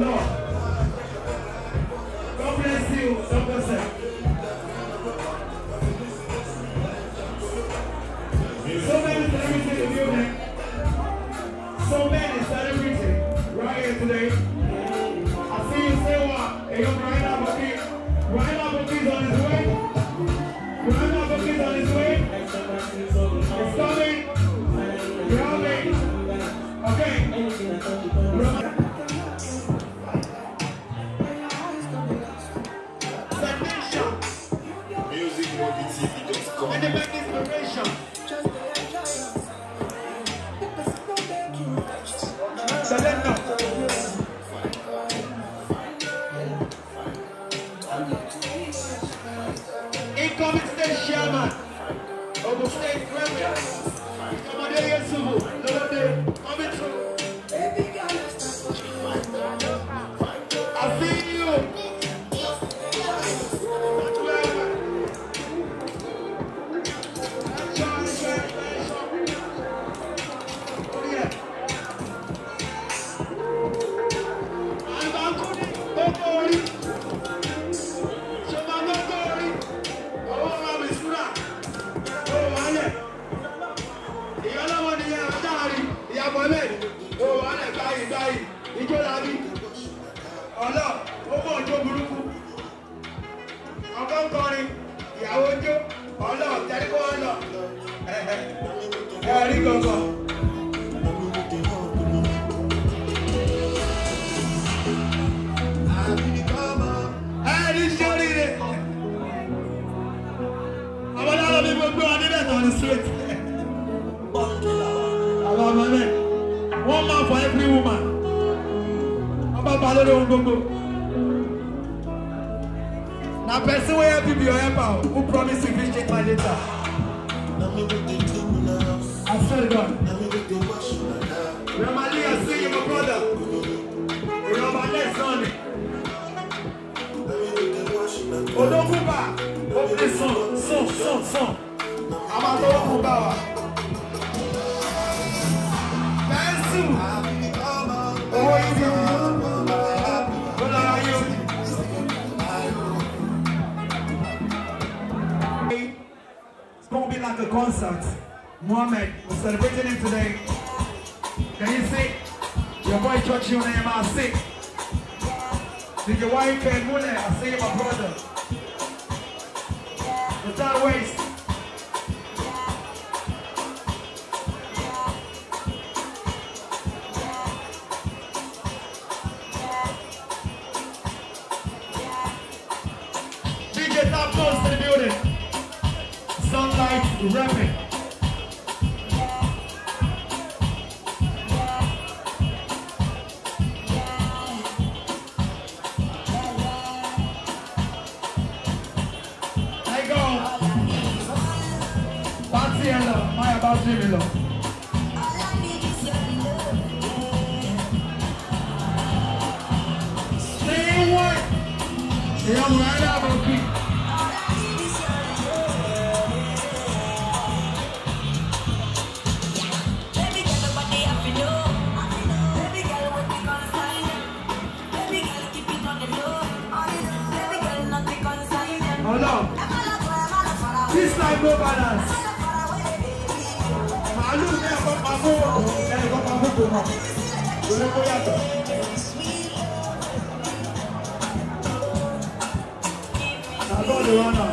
north. LBTV.com. And the ìyá mohammed òwò ọ̀nà báyìí báyìí ìjọ làbí ọ̀lọ́ ó mọ̀ ọjọ́ burúkú ọkọ ń kọrin ìyàwó jó ọ̀lọ́ tẹ́lifó ọ̀lọ́ ẹ̀rí kankan. ẹ̀rí sórí rẹ̀ ọmọdé alọ́ mi gbogbo adébẹ̀tàn ní síréètì. for every woman ọba ba lórí ohun gbogbo na person wey help you be your helper who promise you fit change my data. I swear to God. Remember, I see you, my brother. Remember, let's on it. Odokunba, open son, son, son, son. Àmàlọ́wọ́ kò bá wa. Mohammed, we're celebrating him today. Can you see? Your boy touch your name, I see. Did your wife pay money? I see my brother. The third waste. DJ Top Toast in the building. Sunlight rapping. see her love. My about Jimmy love. Same right out of the Hold on. This time, no balance. Come on, Joanna.